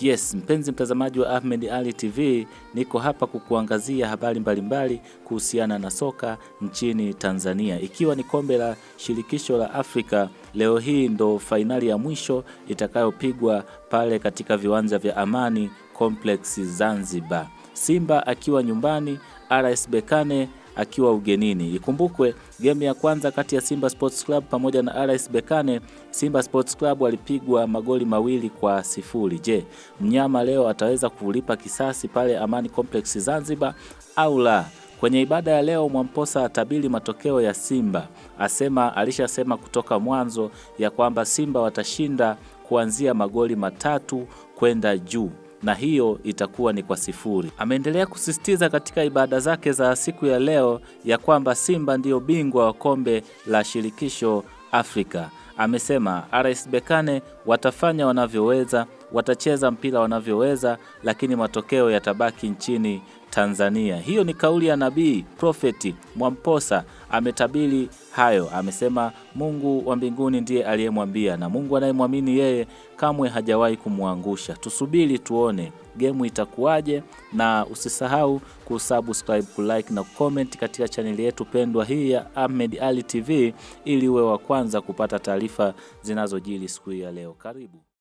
Yes, mpenzi mtazamaji wa Ahmed Ali TV, niko hapa kukuangazia habari mbalimbali kuhusiana na soka nchini Tanzania, ikiwa ni kombe la shirikisho la Afrika. Leo hii ndo fainali ya mwisho itakayopigwa pale katika viwanja vya Amani Complex Zanzibar, Simba akiwa nyumbani, RS Bekane akiwa ugenini. Ikumbukwe game ya kwanza kati ya Simba Sports Club pamoja na RS bekane Simba Sports Club walipigwa magoli mawili kwa sifuri. Je, mnyama leo ataweza kulipa kisasi pale Amani Complex Zanzibar au la? Kwenye ibada ya leo Mwamposa atabili matokeo ya Simba, asema alishasema kutoka mwanzo ya kwamba Simba watashinda kuanzia magoli matatu kwenda juu na hiyo itakuwa ni kwa sifuri. Ameendelea kusisitiza katika ibada zake za siku ya leo ya kwamba Simba ndiyo bingwa wa kombe la shirikisho Afrika amesema RS Berkane watafanya wanavyoweza, watacheza mpira wanavyoweza, lakini matokeo yatabaki nchini Tanzania. Hiyo ni kauli ya nabii profeti Mwamposa, ametabiri hayo. Amesema Mungu wa mbinguni ndiye aliyemwambia, na Mungu anayemwamini yeye kamwe hajawahi kumwangusha. Tusubiri tuone game itakuwaje, na usisahau kusubscribe, kulike na comment katika chaneli yetu pendwa hii ya Ahmed Ali TV ili uwe wa kwanza kupata taarifa zinazojiri siku ya leo. Karibu.